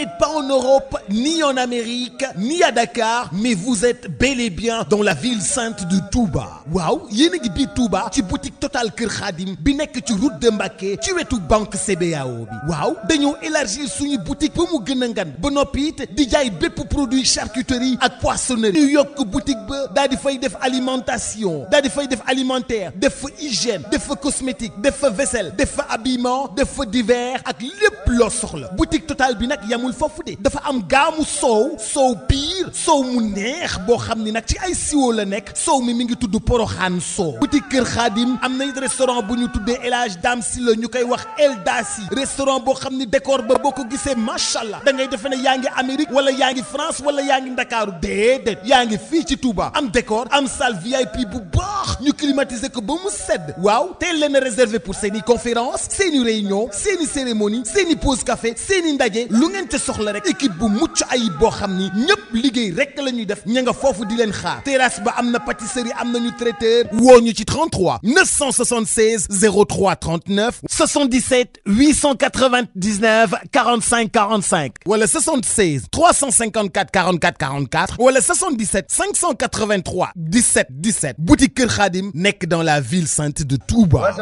n'êtes pas en Europe, ni en Amérique, ni à Dakar, mais vous êtes bel et bien dans la ville sainte de Touba. waaw yéen a ngi biir Touba ci boutique totale Kër Khadim bi nekk ci route de Mbacké ci wetu banque CBAO bi waaw dañoo élargir suñu boutique ba mu gën a ngan ba noppi it di jaay bépp produit charcuterie ak poissonnerie ñu yokk boutique ba daa di fay def alimentation daa di fay def alimentaire def fa hygiène def fa cosmétique def fa vaisselle def fa habillement def fa divers ak lépp loo soxla boutique Total bi yemul foofu dafa am gaamu soow soow piir soow mu neex boo xam ni nag ci ay siwo la nekk soow mi mi ngi tudd poroxaan soow boutique Kër Xaadim am nañ restaurant bu ñu tuddee El Hadj Dame si la ñu koy wax El Dasi restaurant boo xam ne décor ba boo ko gisee macha allah da ngay defe ne yaa ngi Amérique wala yaa ngi France wala yaa ngi Ndakaaru déedéet yaa ngi fii ci tuubaa am décor am salle VIP bu baax ñu climatiser ko ba mu sedd waaw teel leen a réservé pour seeni conférence seeni réunion seeni cérémonie seeni pause café seeni ndaje lu ngeen ca soxla rek équipe bu mucc ayib boo xam ni ñëpp liggéey rek la ñuy def ña nga foofu di leen xaar terrasse ba am na pâtisserie am nañu traiteur woo ñu ci 33 976 03 39 77 899 45 45 wala 76 354 44 44 wala 77 583 17 17 boutique Kër Xaar nekk dans la de Touba.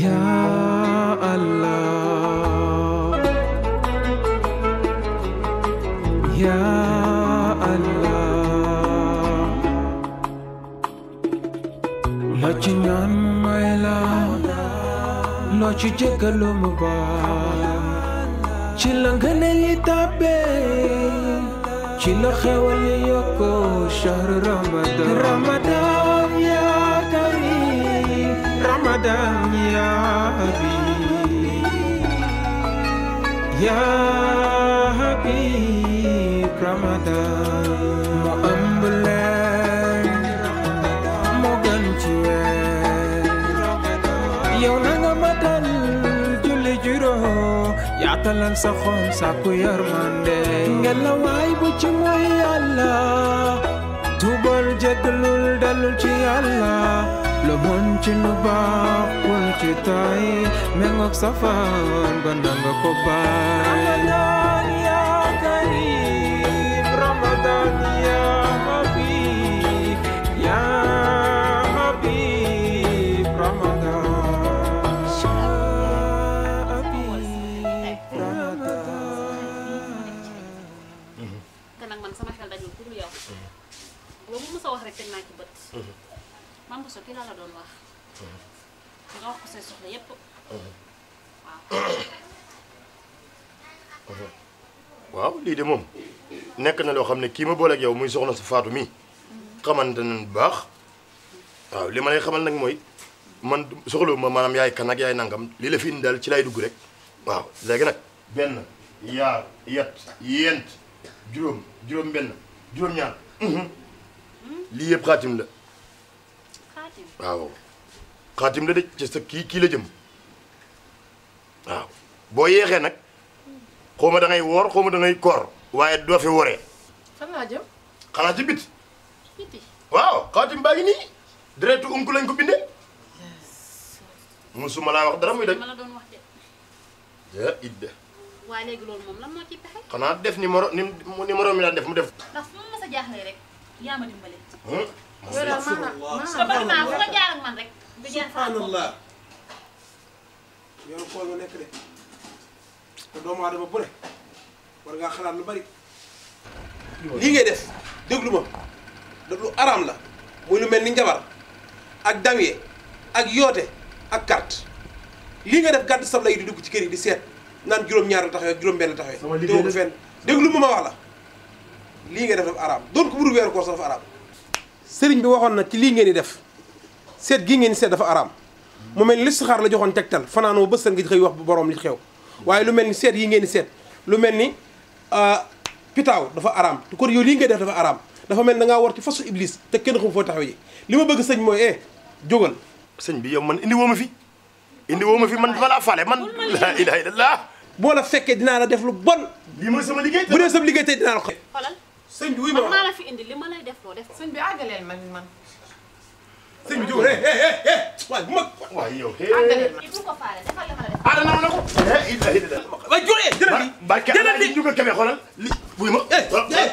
yaa loo ci ñaan may la loo ci jéggalu mu baal ci la ci la xewal yi shahr ramadan ya karim ramadan ya habib ramadan mu ëmb leen mu yaatalal sa xol sàkku yërmande ngela waay bu ci mooy yàlla tuubal jéggalul dellul ci yàlla lu mën ci lu baax bul ci tay mengook safaan ba nanga ko baay waaw. lii de moom nekk na loo xam ne kii ma boole ak yow muy soxna su faatu mi xamante nañ baax waaw li ma xamal nag mooy man soxlawu ma maanaam yaay kan ak yaay nangam li la fi daal ci lay dugg rek waaw léegi nag benn yaar yat yent juróom juróom benn juróom ñaar lii yëpp xaatim la. waaw xaatim la de ci sa kii kii la jëm waaw boo yeexee nag xaw ma da ngay woor xaw ma koor waaye doo fi woree. fan laa jëm. xanaa ci bit. waaw xaatim baa nii. deretu unku lañ ko bindee. musuma laa wax dara muy dañ. xanaa def ni moro ni mu mi daan def mu def. ndax yaa ma dimbale. yow daal maanaam xool nekk de te doomu aadama bu ne war ngaa xalaat lu bari. lii ngay def déglu ma lu araam la muy lu mel ni njabar ak damye ak yoote ak carte lii nga def gàddu sab la yi di dugg ci kër yi di seet naan juróom-ñaar la taxawee ak juróom-benn la taxawee. sama liggéey déglu ma ma wax la. lii nga def dafa araam doon ko buru weeru koor sax dafa araam sëriñ bi waxoon na ci lii ngeen di def seet gii ngeen di seet dafa araam mu mel ni listixaar la joxoon tegtal fanaanoo bësal nga xëy wax bu borom li xew waaye lu mel ni seet yi ngeen di seet lu mel ni euh, pitaaw dafa araam kon yow lii ngay def dafa araam dafa mel da ngaa war ci fasu iblis te kenn xam foo taxaw ji li ma bëgg sëñ mooy eh jógal sëñ bi yow man indi woo ma fi indi woo ma fi man man la ilaha boo la fekkee dinaa la def lu bon lii mooy sama liggéey bu dee sama liggéey tey dinaa la sëñ bi wuy ma wax maa la fi indi li ma lay def loo def. sëñ bi àggaleel man man. sëñ bi jiw he he he waaye bu ma. waaye yow he. àggaleel man ko faale defal la ma la def. ah dana ma ne ko. eh Ibrahima. waaye jërëjëf jërëjëf. barke Alaaji Ndiouga Kébé xoolal li wuy ma.